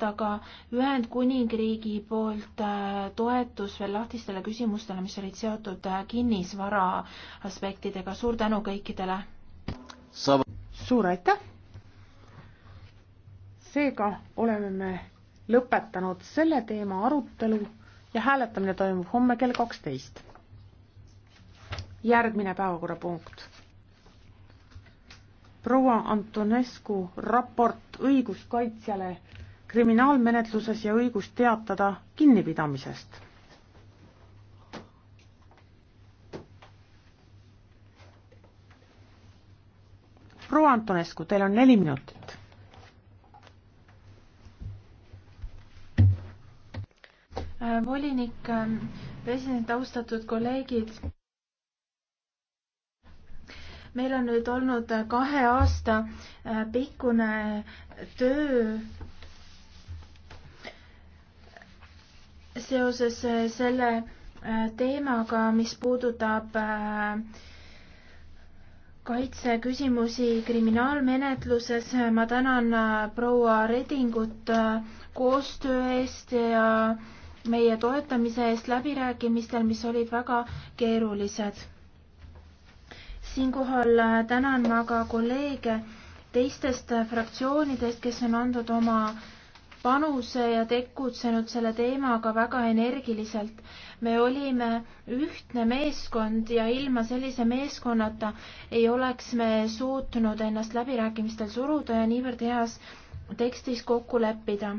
saada ka Ühendkuningriigi poolt äh, toetus veel lahtistele küsimustele, mis olid seotud äh, kinnisvara aspektidega. suur tänu kõikidele! suur aitäh! seega oleme me lõpetanud selle teema arutelu ja hääletamine toimub homme kell kaksteist. järgmine päevakorrapunkt proua Antonescu raport õiguskaitsjale kriminaalmenetluses ja õigus teatada kinnipidamisest. proua Antonescu, teil on neli minutit. Äh, volinik, ähm, president, austatud kolleegid meil on nüüd olnud kahe aasta äh, pikkune töö seoses äh, selle äh, teemaga, mis puudutab äh, kaitseküsimusi kriminaalmenetluses, ma tänan proua Redingut koostöö eest ja meie toetamise eest läbirääkimistel, mis olid väga keerulised siinkohal tänan ma ka kolleege teistest fraktsioonidest, kes on andnud oma panuse ja tegutsenud selle teemaga väga energiliselt. me olime ühtne meeskond ja ilma sellise meeskonnata ei oleks me suutnud ennast läbirääkimistel suruda ja niivõrd heas tekstis kokku leppida.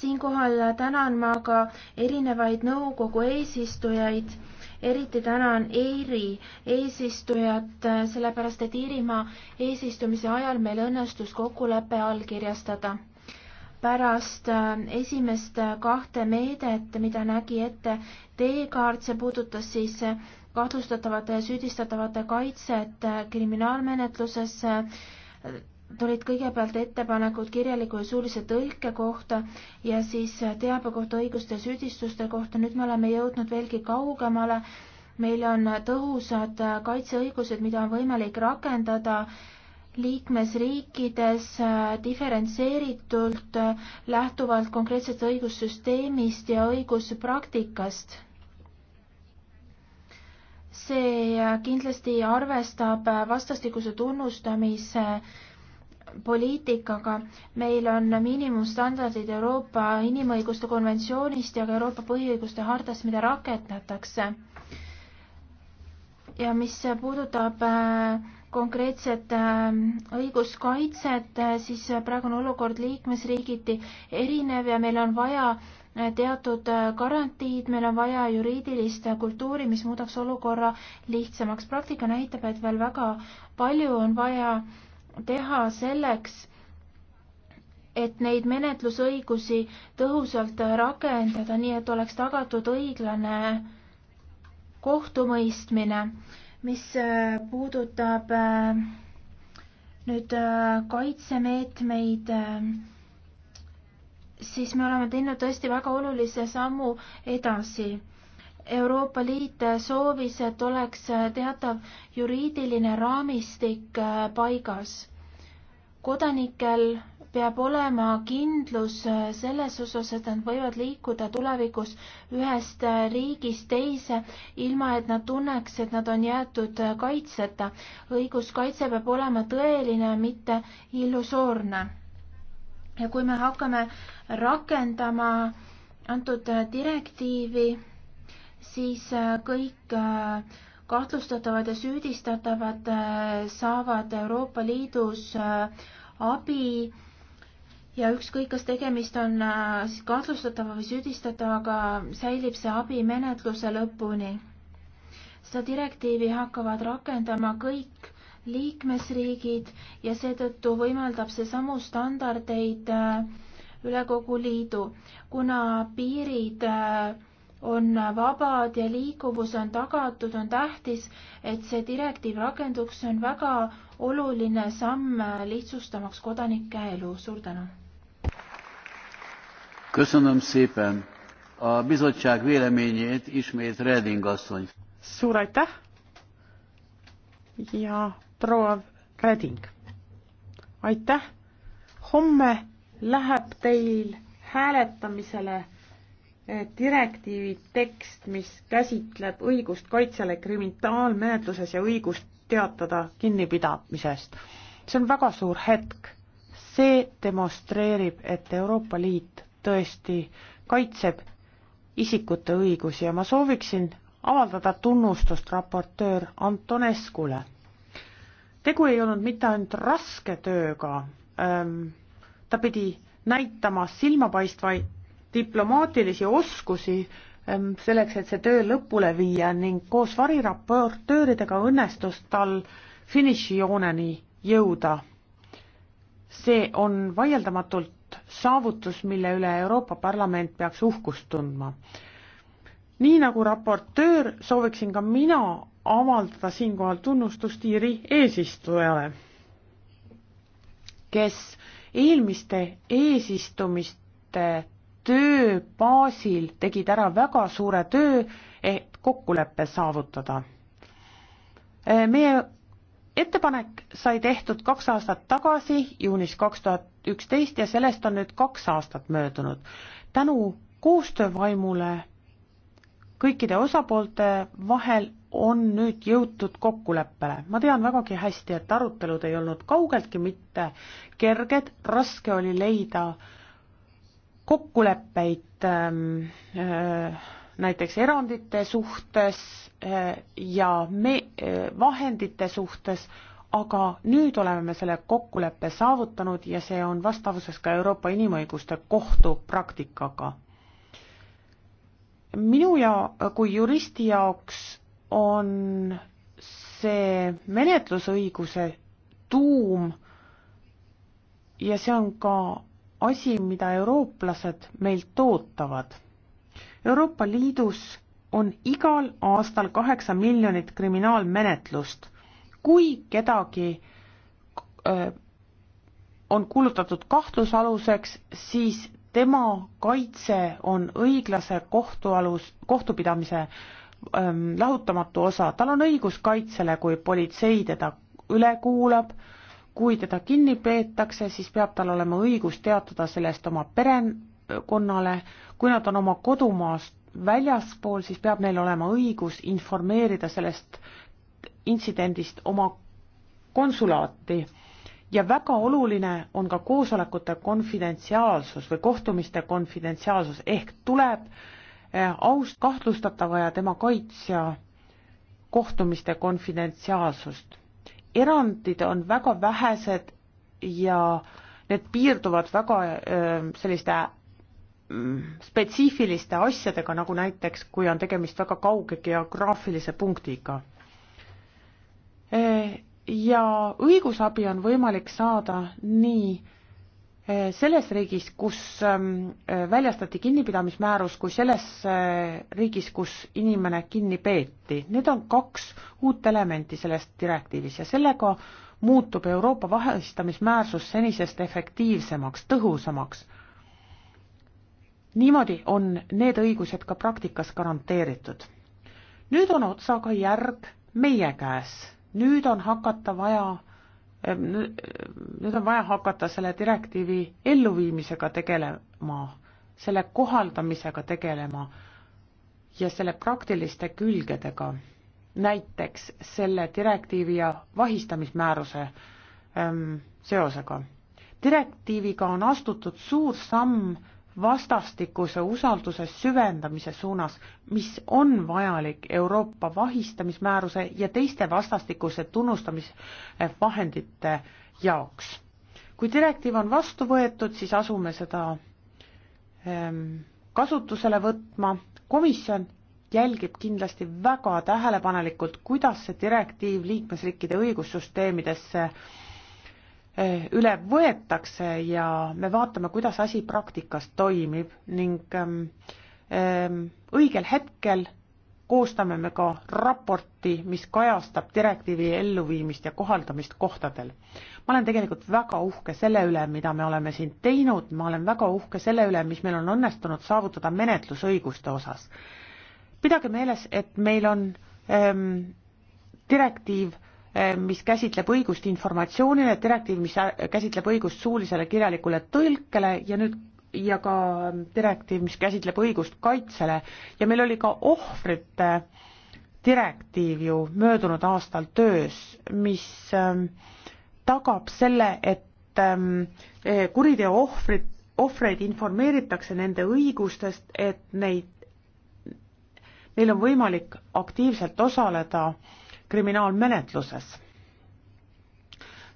siinkohal tänan ma ka erinevaid nõukogu eesistujaid eriti tänan EIRi eesistujat, sellepärast et Iirimaa eesistumise ajal meil õnnestus kokkulepe allkirjastada pärast äh, esimest äh, kahte meedet, mida nägi ette teekaart, see puudutas siis äh, kahtlustatavate ja süüdistatavate kaitset kriminaalmenetluses, tulid kõigepealt ettepanekud kirjaliku ja suulise tõlke kohta ja siis teabe kohta õiguste ja süüdistuste kohta, nüüd me oleme jõudnud veelgi kaugemale, meil on tõhusad kaitseõigused, mida on võimalik rakendada liikmesriikides äh, diferentseeritult äh, lähtuvalt konkreetsest õigussüsteemist ja õiguspraktikast. see äh, kindlasti arvestab vastastikuse tunnustamise poliitikaga. meil on miinimumstandardid Euroopa Inimõiguste konventsioonist ja ka Euroopa põhiõiguste hardast, mida rakendatakse. ja mis puudutab äh, konkreetset ähm, õiguskaitset, äh, siis äh, praegune olukord liikmesriigiti erinev ja meil on vaja äh, teatud garantiid, meil on vaja juriidilist kultuuri, mis muudaks olukorra lihtsamaks. praktika näitab, et veel väga palju on vaja teha selleks, et neid menetlusõigusi tõhusalt rakendada, nii et oleks tagatud õiglane kohtumõistmine mis äh, puudutab äh, nüüd äh, kaitsemeetmeid, siis me oleme teinud tõesti väga olulise sammu edasi. Euroopa Liit soovis, et oleks teatav juriidiline raamistik paigas. kodanikel peab olema kindlus selles osas, et nad võivad liikuda tulevikus ühest riigist teise, ilma et nad tunneks, et nad on jäetud kaitseta. õiguskaitse peab olema tõeline, mitte illusoorne. ja kui me hakkame rakendama antud direktiivi, siis kõik kahtlustatavad ja süüdistatavad saavad Euroopa Liidus abi ja ükskõik, kas tegemist on äh, siis kahtlustatava või süüdistatavaga, säilib see abi menetluse lõpuni. seda direktiivi hakkavad rakendama kõik liikmesriigid ja seetõttu võimaldab see samu standardeid äh, üle kogu liidu, kuna piirid äh, on vabad ja liikuvus on tagatud, on tähtis, et see direktiiv rakenduks, see on väga oluline samm lihtsustamaks kodanike elu. suur tänu! Köszönöm szépen. A bizottság véleményét ismét Reding asszony. Suur aitäh ja proua Reding, aitäh. homme läheb teil hääletamisele e, direktiivi tekst, mis käsitleb õigust kaitsele kriminaalmenetluses ja õigust teatada kinnipidamisest. see on väga suur hetk. see demonstreerib, et Euroopa Liit tõesti kaitseb isikute õigusi ja ma sooviksin avaldada tunnustust raportöör Antoneskule. tegu ei olnud mitte ainult raske tööga ähm,, ta pidi näitama silmapaistvaid diplomaatilisi oskusi ähm, selleks, et see töö lõpule viia ning koos variraportööridega õnnestus tal finišijooneni jõuda. see on vaieldamatult saavutus, mille üle Euroopa Parlament peaks uhkust tundma. nii nagu raportöör, sooviksin ka mina avaldada siinkohal tunnustust Iiri eesistujale, kes eelmiste eesistumiste töö baasil tegid ära väga suure töö, et kokkulepe saavutada. meie ettepanek sai tehtud kaks aastat tagasi, juunis kaks tuhat üksteist ja sellest on nüüd kaks aastat möödunud. tänu koostöövaimule kõikide osapoolte vahel on nüüd jõutud kokkuleppele. ma tean vägagi hästi, et arutelud ei olnud kaugeltki mitte kerged, raske oli leida kokkuleppeid ähm, äh, näiteks erandite suhtes äh, ja me- äh,, vahendite suhtes, aga nüüd oleme me selle kokkuleppe saavutanud ja see on vastavuses ka Euroopa Inimõiguste Kohtu praktikaga. minu ja kui juristi jaoks on see menetlusõiguse tuum ja see on ka asi, mida eurooplased meilt ootavad. Euroopa Liidus on igal aastal kaheksa miljonit kriminaalmenetlust kui kedagi öö, äh, on kuulutatud kahtlusaluseks, siis tema kaitse on õiglase kohtualus, kohtupidamise ähm, lahutamatu osa, tal on õigus kaitsele, kui politsei teda üle kuulab, kui teda kinni peetakse, siis peab tal olema õigus teatada sellest oma perekonnale, kui nad on oma kodumaast väljaspool, siis peab neil olema õigus informeerida sellest intsidendist oma konsulaati ja väga oluline on ka koosolekute konfidentsiaalsus või kohtumiste konfidentsiaalsus ehk tuleb eh, aust kahtlustatava ja tema kaitsja kohtumiste konfidentsiaalsust. erandid on väga vähesed ja need piirduvad väga eh, selliste mm, spetsiifiliste asjadega, nagu näiteks kui on tegemist väga kauge geograafilise punktiga ja õigusabi on võimalik saada nii eh, selles riigis, kus ähm, eh, väljastati kinnipidamismäärus, kui selles eh, riigis, kus inimene kinni peeti. Need on kaks uut elementi selles direktiivis ja sellega muutub Euroopa vahistamismäärsus senisest efektiivsemaks, tõhusamaks. niimoodi on need õigused ka praktikas garanteeritud. nüüd on otsaga järg meie käes nüüd on hakata vaja, nüüd on vaja hakata selle direktiivi elluviimisega tegelema, selle kohaldamisega tegelema ja selle praktiliste külgedega, näiteks selle direktiivi ja vahistamismääruse ähm, seosega. direktiiviga on astutud suur samm vastastikuse usalduse süvendamise suunas, mis on vajalik Euroopa vahistamismääruse ja teiste vastastikuse tunnustamisvahendite jaoks. kui direktiiv on vastu võetud, siis asume seda ähm, kasutusele võtma, komisjon jälgib kindlasti väga tähelepanelikult, kuidas see direktiiv liikmesriikide õigussüsteemidesse äh, üle võetakse ja me vaatame, kuidas asi praktikas toimib ning ähm, ähm, õigel hetkel koostame me ka raporti, mis kajastab direktiivi elluviimist ja kohaldamist kohtadel. ma olen tegelikult väga uhke selle üle, mida me oleme siin teinud, ma olen väga uhke selle üle, mis meil on õnnestunud saavutada menetlusõiguste osas. pidage meeles, et meil on ähm, direktiiv Eh, mis käsitleb õigust informatsioonile, direktiiv, mis äh, käsitleb õigust suulisele kirjalikule tõlkele ja nüüd ja ka direktiiv, mis käsitleb õigust kaitsele ja meil oli ka ohvrite direktiiv ju möödunud aastal töös, mis ähm, tagab selle, et ähm, eh, kuriteo ohvrit, ohvreid informeeritakse nende õigustest, et neid, neil on võimalik aktiivselt osaleda äh, kriminaalmenetluses.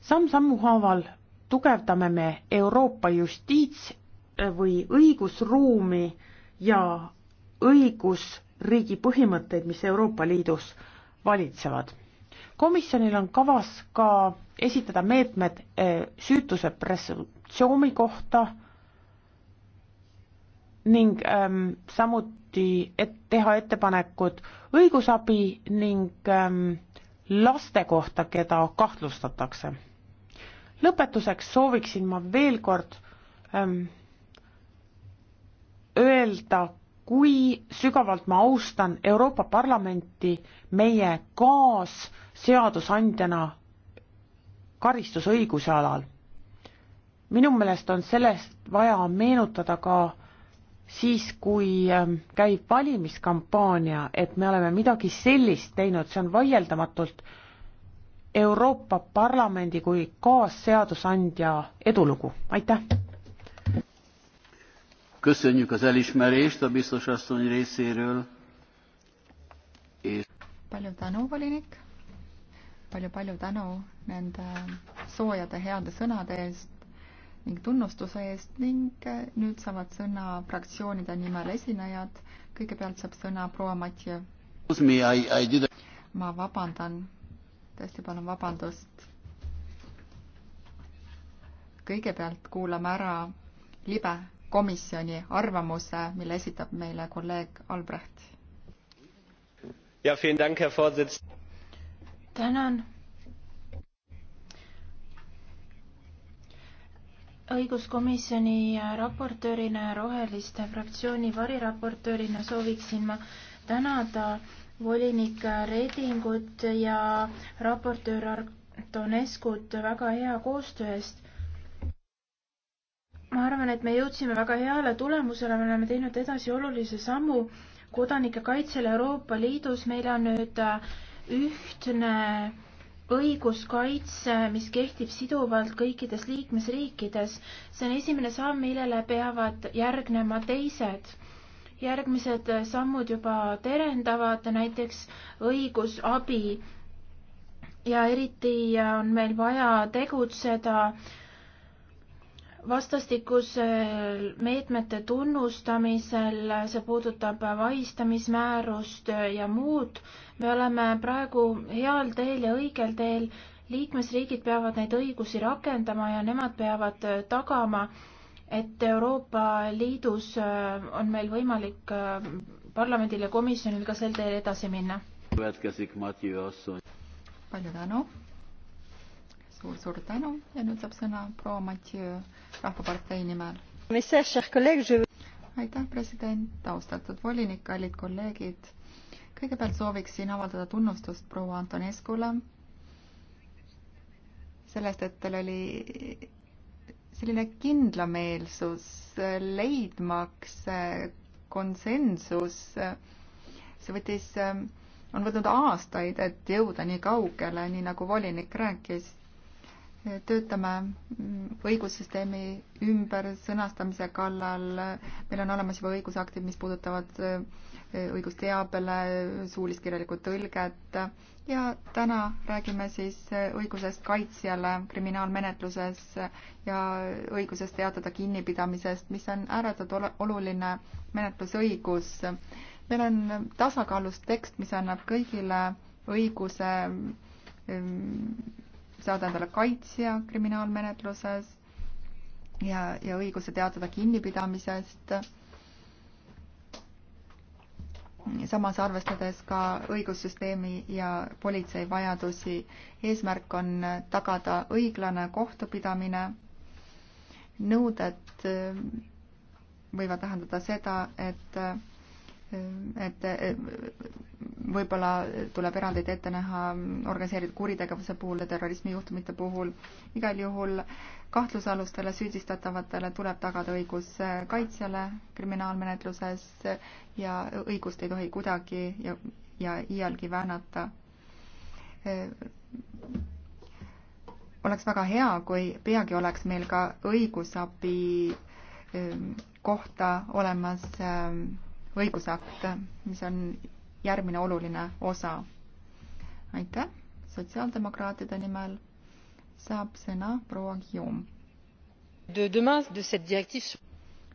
samm-sammu haaval tugevdame me Euroopa justiits- või õigusruumi ja õigusriigi põhimõtteid, mis Euroopa Liidus valitsevad. komisjonil on kavas ka esitada meetmed eh, süütuse presumptsiooni kohta ning ähm, samuti et teha ettepanekud õigusabi ning ähm, laste kohta, keda kahtlustatakse. lõpetuseks sooviksin ma veel kord ähm, öelda, kui sügavalt ma austan Euroopa Parlamenti meie kaasseadusandjana karistusõiguse alal. minu meelest on sellest vaja meenutada ka siis, kui ähm, käib valimiskampaania, et me oleme midagi sellist teinud, see on vaieldamatult Euroopa Parlamendi kui kaasseadusandja edulugu, aitäh! köszönjük az elismerést a biztos asszony részéről. És... Palju tänu, volinik! Palju-palju tänu nende soojade heade sõnade eest ning tunnustuse eest ning äh, nüüd saavad sõna fraktsioonide nimel esinejad. kõigepealt saab sõna proua Matje. ma vabandan, tõesti palun vabandust. kõigepealt kuulame ära libe komisjoni arvamuse, mille esitab meile kolleeg Albrecht. tänan õiguskomisjoni raportöörina ja Roheliste fraktsiooni variraportöörina sooviksin ma tänada volinik Redingut ja raportöör Antoneskut väga hea koostöö eest. ma arvan, et me jõudsime väga heale tulemusele, me oleme teinud edasi olulise sammu kodanike kaitsel Euroopa Liidus, meil on nüüd ühtne õiguskaitse, mis kehtib siduvalt kõikides liikmesriikides. see on esimene samm, millele peavad järgnema teised. järgmised sammud juba terendavad näiteks õigusabi ja eriti on meil vaja tegutseda äh, vastastikuse meetmete tunnustamisel, see puudutab vahistamismäärust ja muud. me oleme praegu heal teel ja õigel teel. liikmesriigid peavad neid õigusi rakendama ja nemad peavad tagama, et Euroopa Liidus on meil võimalik parlamendil ja komisjonil ka sel teel edasi minna. palju tänu suur-suur tänu ja nüüd saab sõna proua Mathieu Rahvapartei nimel. aitäh, president, austatud volinik, kallid kolleegid. kõigepealt sooviksin avaldada tunnustust proua Antoneskule sellest, et tal oli selline kindlameelsus leidmaks konsensus, see võttis, on võtnud aastaid, et jõuda nii kaugele, nii nagu volinik rääkis töötame mm, õigussüsteemi ümbersõnastamise kallal, meil on olemas juba õigusaktid, mis puudutavad äh, õigust teabele, suulist kirjalikku tõlget ja täna räägime siis äh, õigusest kaitsjale kriminaalmenetluses ja õigusest teatada kinnipidamisest, mis on ääretult oluline menetlusõigus. meil on tasakaalus tekst, mis annab kõigile õiguse mm, saada endale kaitsja kriminaalmenetluses ja, ja õiguse teatada kinnipidamisest. samas arvestades ka õigussüsteemi ja politsei vajadusi. eesmärk on tagada õiglane kohtupidamine. nõuded võivad tähendada seda, et et võib-olla tuleb eraldeid ette näha organiseeritud kuritegevuse puhul ja terrorismijuhtumite puhul. igal juhul kahtlusalustele, süüdistatavatele tuleb tagada õigus kaitsjale kriminaalmenetluses ja õigust ei tohi kuidagi ja, ja iialgi väänata. oleks väga hea, kui peagi oleks meil ka õigusabi kohta olemas äh, õigusakt, mis on järgmine oluline osa. aitäh, sotsiaaldemokraatide nimel saab sõna proua Hium.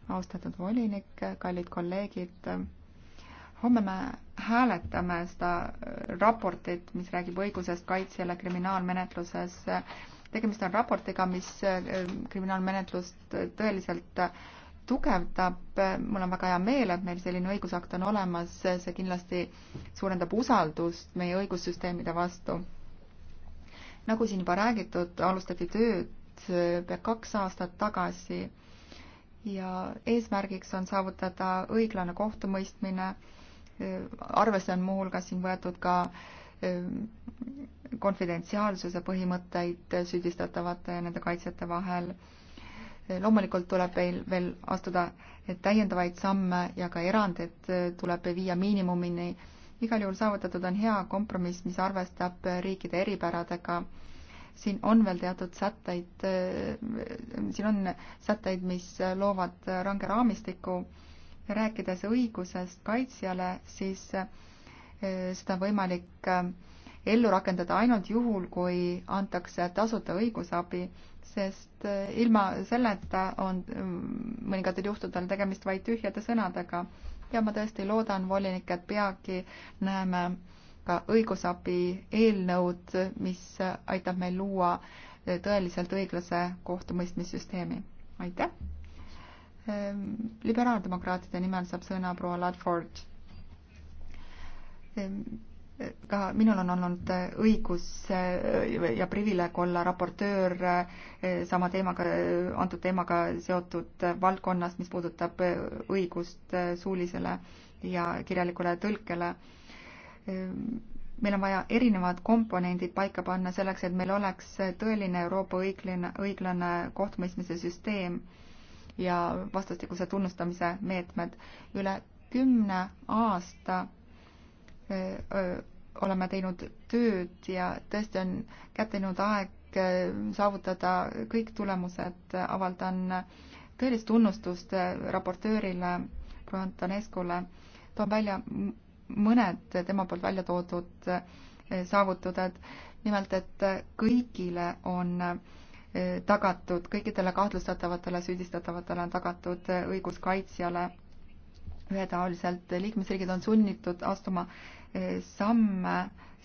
austatud volinik, kallid kolleegid, homme me hääletame seda raportit, mis räägib õigusest kaitsjale kriminaalmenetluses. tegemist on raportiga, mis eh, kriminaalmenetlust tõeliselt tugevdab, mul on väga hea meel, et meil selline õigusakt on olemas, see kindlasti suurendab usaldust meie õigussüsteemide vastu. nagu siin juba räägitud, alustati tööd pea kaks aastat tagasi ja eesmärgiks on saavutada õiglane kohtumõistmine, arvesse on muuhulgas siin võetud ka eh, konfidentsiaalsuse põhimõtteid süüdistatavate ja nende kaitsjate vahel loomulikult tuleb meil veel astuda täiendavaid samme ja ka erandid tuleb viia miinimumini. igal juhul saavutatud on hea kompromiss, mis arvestab riikide eripäradega. siin on veel teatud sätteid, siin on sätteid, mis loovad range raamistiku. rääkides õigusest kaitsjale, siis eh, seda on võimalik eh, ellu rakendada ainult juhul, kui antakse tasuta õigusabi sest äh, ilma selleta on mm, mõningatel juhtudel tegemist vaid tühjade sõnadega ja ma tõesti loodan, volinik, et peagi näeme ka õigusabi eelnõud, mis aitab meil luua äh, tõeliselt õiglase kohtumõistmissüsteemi. aitäh! Ähm, liberaaldemokraatide nimel saab sõna proua Ladford ähm, ka minul on olnud õigus äh, ja privileeg olla raportöör äh, sama teemaga, antud teemaga seotud valdkonnas, mis puudutab äh, õigust suulisele ja kirjalikule tõlkele. meil on vaja erinevad komponendid paika panna selleks, et meil oleks tõeline Euroopa õiglane, õiglane kohtumõistmise süsteem ja vastastikuse tunnustamise meetmed. üle kümne aasta oleme teinud tööd ja tõesti on kätte jõudnud aeg saavutada kõik tulemused. avaldan tõelist tunnustust raportöörile proua Antoneskule. toon välja mõned tema poolt välja toodud saavutused. nimelt, et kõigile on tagatud, kõikidele kahtlustatavatele, süüdistatavatele on tagatud õiguskaitsjale ühetaoliselt, liikmesriigid on sunnitud astuma eh, samme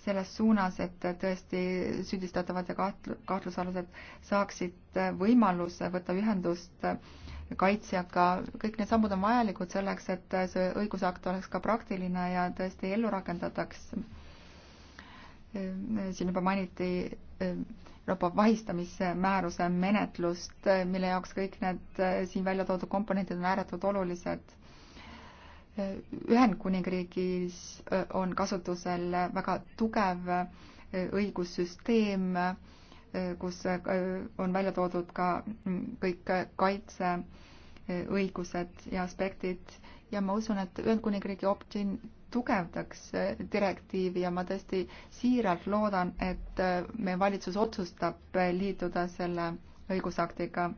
selles suunas, et tõesti süüdistatavad ja kahtlusalused saaksid eh, võimaluse võtta ühendust eh, kaitsjaga, kõik need sammud on vajalikud selleks, et see õigusakt oleks ka praktiline ja tõesti ellu rakendataks. siin juba mainiti Euroopa vahistamismääruse menetlust, mille jaoks kõik need siin välja toodud komponendid on ääretult olulised Ühendkuningriigis on kasutusel väga tugev õigussüsteem, kus on välja toodud ka kõik kaitseõigused ja aspektid ja ma usun, et Ühendkuningriigi opt-in tugevdaks direktiivi ja ma tõesti siiralt loodan, et meie valitsus otsustab liituda selle õigusaktiga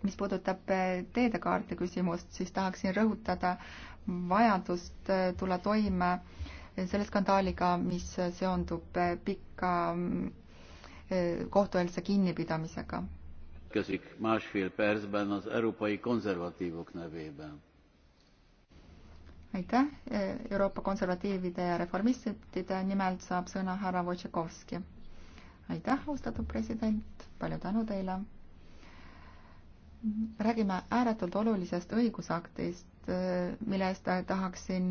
mis puudutab eh, teedekaarte küsimust, siis tahaksin rõhutada vajadust eh, tulla toime eh, selle skandaaliga, mis seondub pika mm, kohtueelse kinnipidamisega. aitäh, Euroopa konservatiivide ja reformistide nimel saab sõna härra Wojciechowski. aitäh, austatud president, palju tänu teile räägime ääretult olulisest õigusaktist, äh, mille eest tahaksin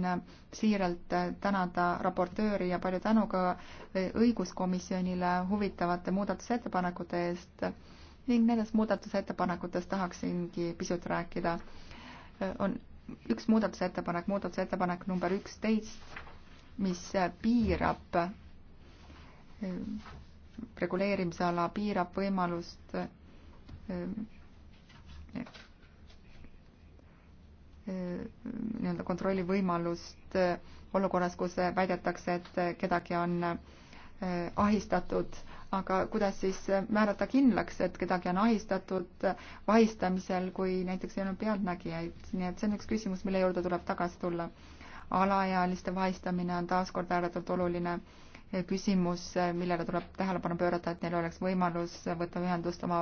siiralt tänada raportööri ja palju tänu ka äh, õiguskomisjonile huvitavate muudatusettepanekute eest ning nendest muudatusettepanekutest tahaksingi pisut rääkida. Äh, on üks muudatusettepanek, muudatusettepanek number üksteist, mis piirab reguleerimisala, piirab võimalust nii-öelda kontrollivõimalust olukorras, kus väidetakse, et kedagi on äh, ahistatud, aga kuidas siis määrata kindlaks, et kedagi on ahistatud vahistamisel, kui näiteks ei olnud pealtnägijaid, nii et see on üks küsimus, mille juurde tuleb tagasi tulla. alaealiste vahistamine on taaskord ääretult oluline äh, küsimus, äh, millele tuleb tähelepanu pöörata, et neil oleks võimalus võtta ühendust oma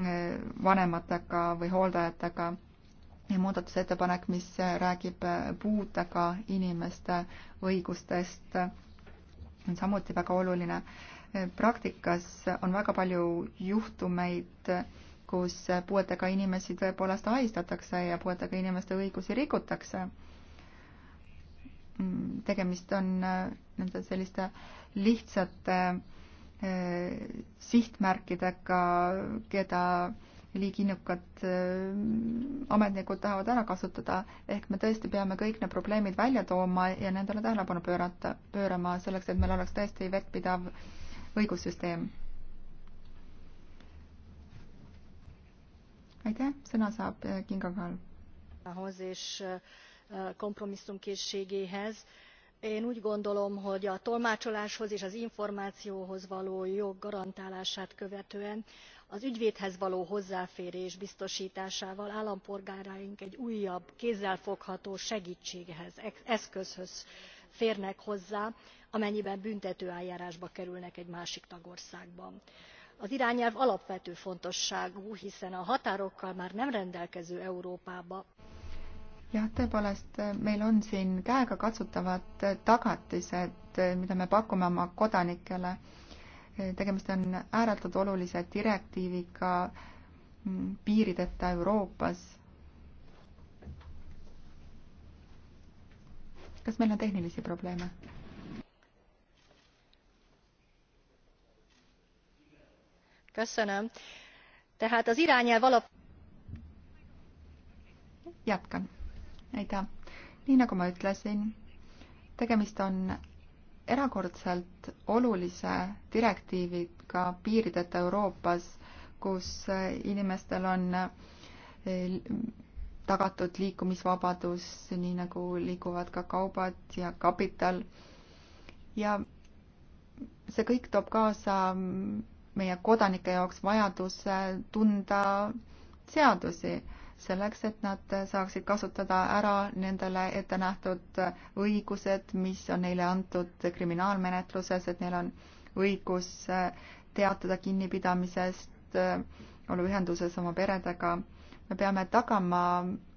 Äh, vanematega või hooldajatega ja muudatusettepanek, mis räägib äh, puudega inimeste õigustest, on samuti väga oluline. Äh, praktikas on väga palju juhtumeid, kus puuetega inimesi tõepoolest ahistatakse ja puuetega inimeste õigusi rikutakse. Mm, tegemist on nende selliste lihtsate Äh, sihtmärkidega, keda liiginnukad äh, ametnikud tahavad ära kasutada, ehk me tõesti peame kõik need probleemid välja tooma ja nendele tähelepanu pöörata, pöörama, selleks et meil oleks tõesti vettpidav õigussüsteem. aitäh, sõna saab äh, Kinga Kaal. ahhoz és kompromisszumkészségéhez én úgy gondolom hogy a tolmácsoláshoz és az információhoz való jog garantálását követően az ügyvédhez való hozzáférés biztostásával állampolgáraink egy újabb kézzelfogható segtséghez eszközhöz férnek hozzá amennyiben büntetőeljárásba kerülnek egy másik tagországban. az irányelv alapvető fontosságú hiszen a határokkal már nem rendelkező európában jah, tõepoolest, meil on siin käegakatsutavad tagatised, mida me pakume oma kodanikele. tegemist on ääretult olulise direktiiviga mm, piirideta Euroopas. kas meil on tehnilisi probleeme? köszönöm. Tehát az irányelv alap... Jatkan aitäh. nii nagu ma ütlesin, tegemist on erakordselt olulise direktiiviga piirideta Euroopas, kus inimestel on eh, tagatud liikumisvabadus, nii nagu liiguvad ka kaubad ja kapital. ja see kõik toob kaasa meie kodanike jaoks vajaduse tunda seadusi selleks, et nad saaksid kasutada ära nendele ette nähtud õigused, mis on neile antud kriminaalmenetluses, et neil on õigus teatada kinnipidamisest, olla ühenduses oma peredega. me peame tagama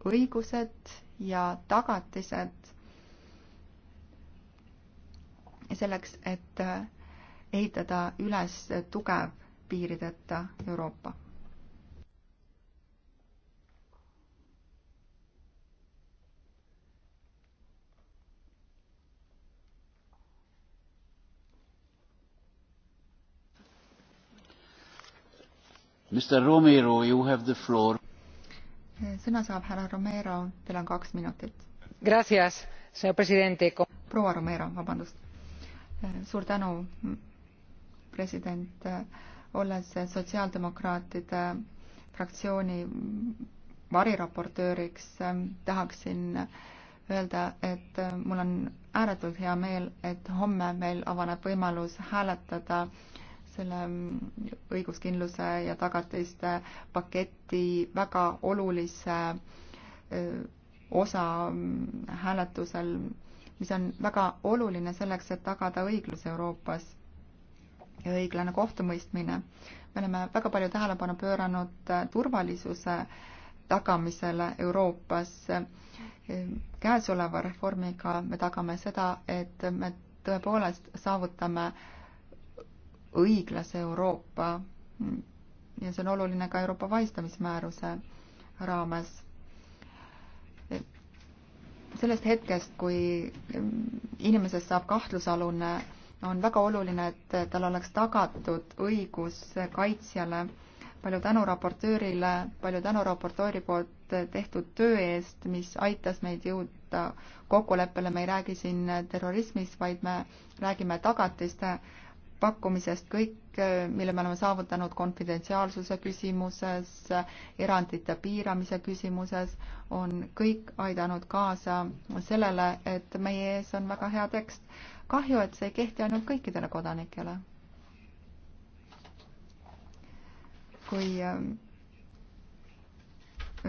õigused ja tagatised selleks, et ehitada üles tugev piirideta Euroopa Romero, sõna saab härra Romero, teil on kaks minutit. proua Romero, vabandust. suur tänu, president, olles sotsiaaldemokraatide fraktsiooni variraportööriks, tahaksin öelda, et mul on ääretult hea meel, et homme meil avaneb võimalus hääletada äh, selle õiguskindluse ja tagatiste paketi väga olulise osa mm, hääletusel, mis on väga oluline selleks, et tagada õiglus Euroopas ja õiglane kohtumõistmine. me oleme väga palju tähelepanu pööranud äh, turvalisuse tagamisele Euroopas. Äh, käesoleva reformiga me tagame seda, et me tõepoolest saavutame õiglase Euroopa ja see on oluline ka Euroopa vaistamismääruse raames. sellest hetkest, kui inimesest saab kahtlusalune, on väga oluline, et tal oleks tagatud õigus kaitsjale. palju tänu raportöörile, palju tänu raportööri poolt tehtud töö eest, mis aitas meid jõuda kokkuleppele, me ei räägi siin terrorismist, vaid me räägime tagatiste pakkumisest kõik, mille me oleme saavutanud konfidentsiaalsuse küsimuses, erandite piiramise küsimuses, on kõik aidanud kaasa sellele, et meie ees on väga hea tekst. kahju, et see ei kehti ainult kõikidele kodanikele. kui äh,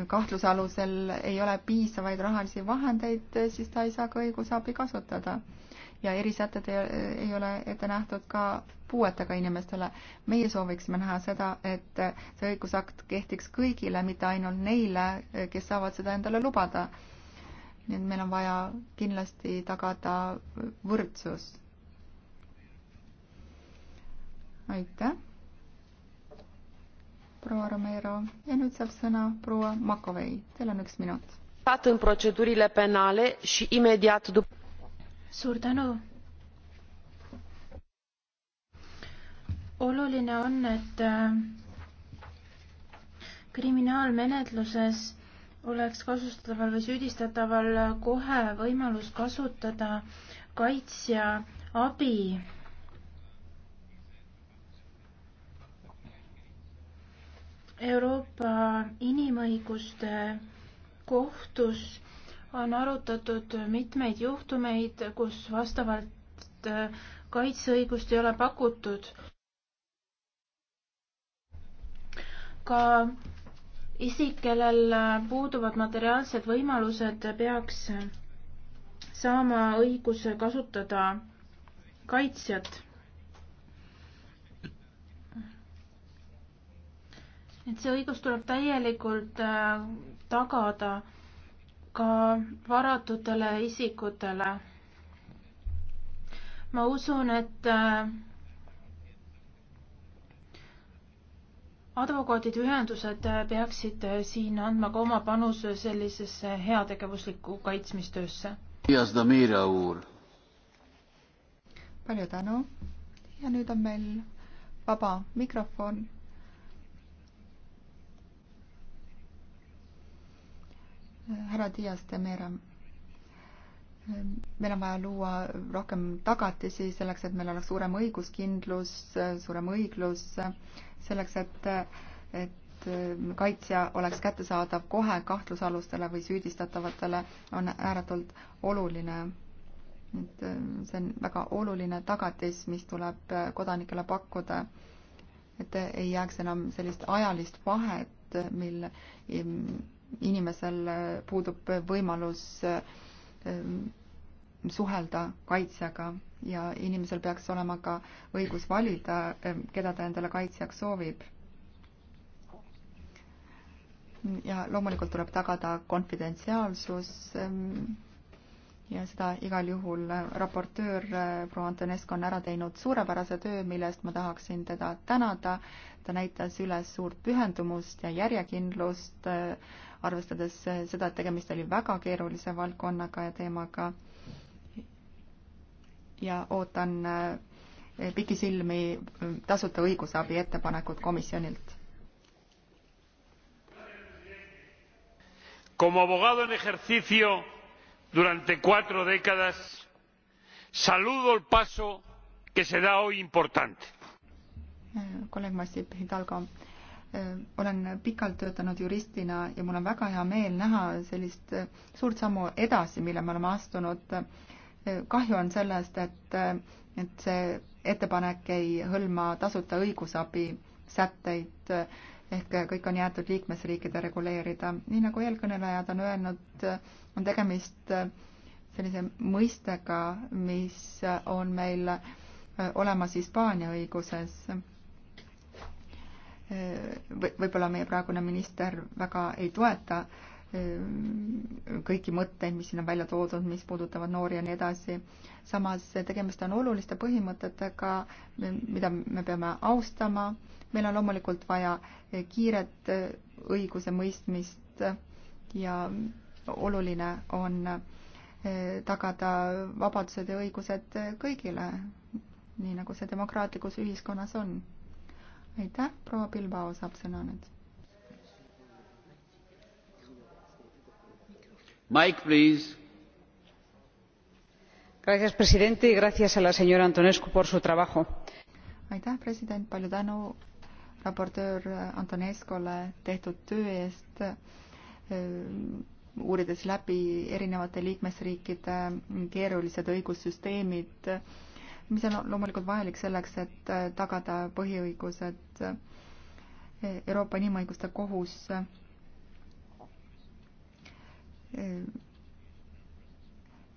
kahtluse alusel ei ole piisavaid rahalisi vahendeid, siis ta ei saa ka õigusabi kasutada ja erisätted ei, ei ole ette nähtud ka puuetega inimestele. meie sooviksime näha seda, et see õigusakt kehtiks kõigile, mitte ainult neile, kes saavad seda endale lubada. nii et meil on vaja kindlasti tagada võrdsus. aitäh, proua Romero ja nüüd saab sõna proua Makovei, teil on üks minut. în procedurile penale și imediat după suur tänu. oluline on, et äh, kriminaalmenetluses oleks kasutataval või süüdistataval kohe võimalus kasutada kaitsja abi. Euroopa Inimõiguste Kohtus on arutatud mitmeid juhtumeid, kus vastavalt äh, kaitseõigust ei ole pakutud. ka isik, kellel äh, puuduvad materiaalsed võimalused, peaks saama õiguse kasutada kaitsjat. et see õigus tuleb täielikult äh, tagada ka varatutele isikutele. ma usun, et äh, advokaadid, ühendused äh, peaksid äh, siin andma ka oma panuse sellisesse heategevuslikku kaitsmistöösse. palju tänu ja nüüd on meil vaba mikrofon härra Dias de Mera. meil on vaja luua rohkem tagatisi selleks, et meil oleks suurem õiguskindlus, suurem õiglus, selleks, et, et kaitsja oleks kättesaadav kohe kahtlusalustele või süüdistatavatele, on ääretult oluline. et see on väga oluline tagatis, mis tuleb kodanikele pakkuda, et ei jääks enam sellist ajalist vahet, mil inimesel äh, puudub võimalus äh, mm, suhelda kaitsjaga ja inimesel peaks olema ka õigus valida, äh, keda ta endale kaitsjaks soovib. ja loomulikult tuleb tagada konfidentsiaalsus ähm, ja seda igal juhul äh, raportöör äh, proua Antonesk on ära teinud suurepärase töö, mille eest ma tahaksin teda tänada. ta näitas üles suurt pühendumust ja järjekindlust, äh, arvestades seda, et tegemist oli väga keerulise valdkonnaga ja teemaga. ja ootan pikisilmi tasuta õigusabi ettepanekut komisjonilt. Como abogado en ejercicio durante cuatro décadas saludo el paso que se da hoy importante. kolleeg Massip Hidalgo, eh, olen pikalt töötanud juristina ja mul on väga hea meel näha sellist eh, suurt sammu edasi, mille me oleme astunud. Eh, kahju on sellest, et, et see ettepanek ei hõlma tasuta õigusabi sätteid ehk kõik on jäetud liikmesriikide reguleerida. nii nagu eelkõnelejad on öelnud, on tegemist sellise mõistega, mis on meil olemas Hispaania õiguses. võib-olla meie praegune minister väga ei toeta e, kõiki mõtteid, mis siin on välja toodud, mis puudutavad noori ja nii edasi. samas tegemist on oluliste põhimõtetega, mida me peame austama meil on loomulikult vaja eh, kiiret eh, õigusemõistmist eh, ja oluline on tagada vabadused ja õigused kõigile, nii nagu see demokraatlikus ühiskonnas on. aitäh, proua Bilbao saab sõna nüüd. señor presidente gracias a la señora antonescu por su trabajo. aitäh president palju tänu raportöör Antoneskole tehtud töö eest, äh, uurides läbi erinevate liikmesriikide keerulised õigussüsteemid, mis on loomulikult vajalik selleks, et äh, tagada põhiõigused äh, Euroopa Inimõiguste Kohus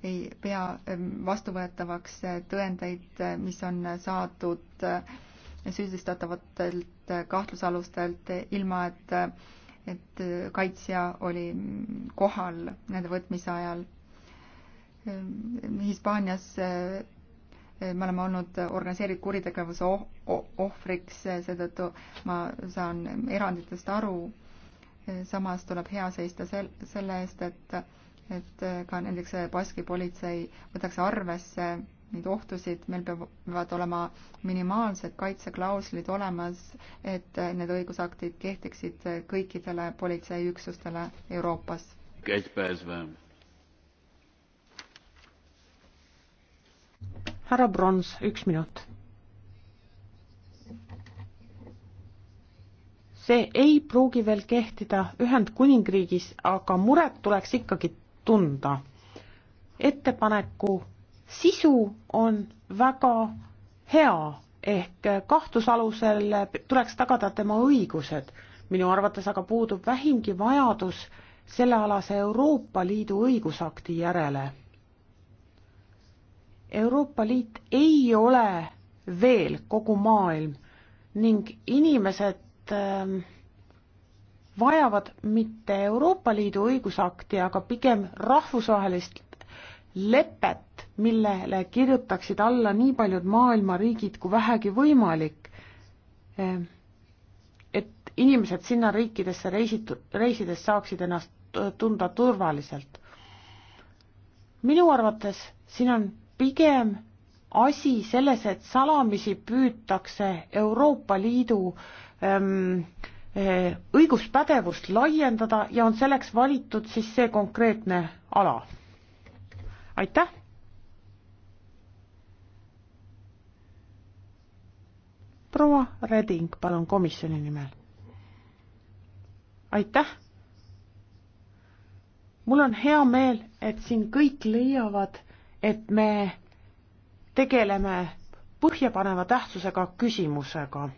ei pea ähm, vastuvõetavaks tõendeid, mis on saadud süüdistatavatelt teistelt kahtlusalustelt, ilma et, et kaitsja oli kohal nende võtmise ajal. Hispaanias eh, me oleme olnud organiseeritud kuritegevuse oh-, ohvriks, eh, seetõttu ma saan eranditest aru. Eh, samas tuleb hea seista sel-, selle eest, et, et ka näiteks Baski politsei võtaks arvesse neid ohtusid, meil peavad olema minimaalsed kaitseklauslid olemas, et need õigusaktid kehtiksid kõikidele politseiüksustele Euroopas. härra Brons, üks minut. see ei pruugi veel kehtida Ühendkuningriigis, aga muret tuleks ikkagi tunda. ettepaneku sisu on väga hea ehk kahtlusalusel tuleks tagada tema õigused. minu arvates aga puudub vähimgi vajadus sellealase Euroopa Liidu õigusakti järele. Euroopa Liit ei ole veel kogu maailm ning inimesed äh, vajavad mitte Euroopa Liidu õigusakti, aga pigem rahvusvahelist lepet, millele kirjutaksid alla nii paljud maailma riigid kui vähegi võimalik, eh, et inimesed sinna riikidesse reisitud, reisides saaksid ennast tunda turvaliselt. minu arvates siin on pigem asi selles, et salamisi püütakse Euroopa Liidu ähm, õiguspädevust laiendada ja on selleks valitud siis see konkreetne ala. aitäh! proua Reding, palun komisjoni nimel. aitäh. mul on hea meel, et siin kõik leiavad, et me tegeleme põhjapaneva tähtsusega küsimusega.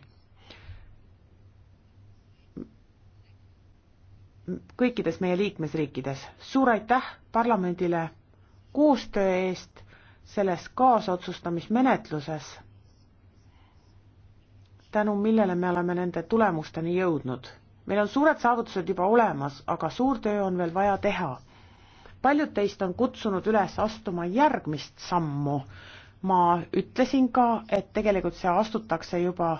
kõikides meie liikmesriikides. suur aitäh parlamendile koostöö eest selles kaasotsustamismenetluses tänu millele me oleme nende tulemusteni jõudnud. meil on suured saavutused juba olemas, aga suur töö on veel vaja teha. paljud teist on kutsunud üles astuma järgmist sammu. ma ütlesin ka, et tegelikult see astutakse juba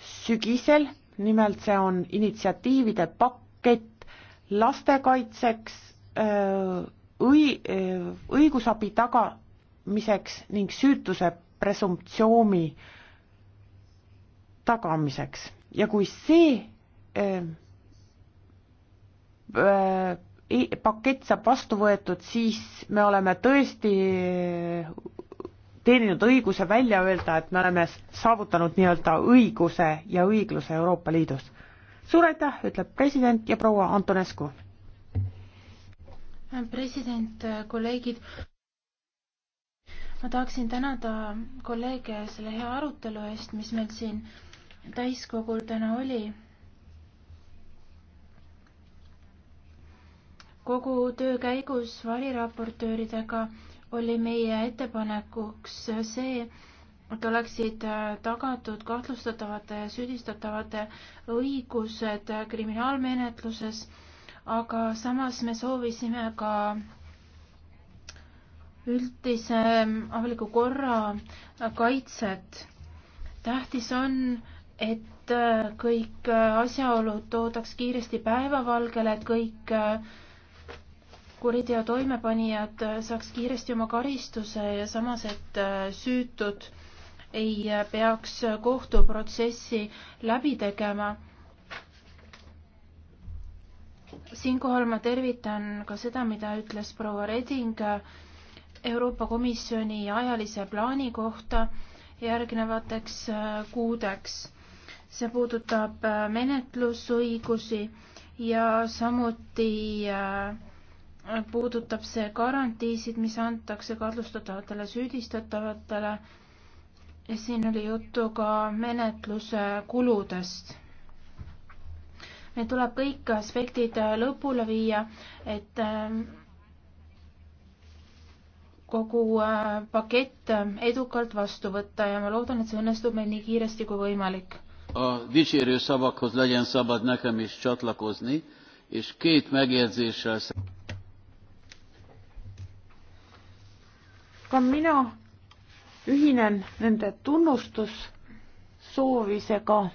sügisel, nimelt see on initsiatiivide pakett lastekaitseks, äh, õi-, äh, õigusabi tagamiseks ning süütuse presumptsiooni äh, tagamiseks ja kui see äh, äh, pakett saab vastu võetud, siis me oleme tõesti äh, teeninud õiguse välja öelda, et me oleme saavutanud nii-öelda õiguse ja õigluse Euroopa Liidus. suur aitäh, ütleb president ja proua Antonescu. president, äh, kolleegid, ma tahaksin tänada kolleege selle hea arutelu eest, mis meil siin täiskogul täna oli. kogu töö käigus variraportööridega oli meie ettepanekuks see, et oleksid äh, tagatud kahtlustatavate ja süüdistatavate õigused kriminaalmenetluses, aga samas me soovisime ka üldise ähm, avaliku korra kaitset. tähtis on, et äh, kõik äh, asjaolud toodaks kiiresti päevavalgele, et kõik äh, kuriteo toimepanijad saaks kiiresti oma karistuse ja samas, et süütud ei peaks kohtuprotsessi läbi tegema. siinkohal ma tervitan ka seda, mida ütles proua Reding Euroopa Komisjoni ajalise plaani kohta järgnevateks kuudeks see puudutab äh, menetlusõigusi ja samuti äh, puudutab see garantiisid, mis antakse kahtlustatavatele süüdistatavatele. siin oli juttu ka menetluse kuludest. meil tuleb kõik aspektid äh, lõpule viia, et kogu pakett edukalt vastu võtta ja ma loodan, et see õnnestub meil nii kiiresti kui võimalik a dicsérő szavakhoz legyen szabad nekem is csatlakozni, és két megjegyzéssel Ka mina ühinen nende tunnustus soovisega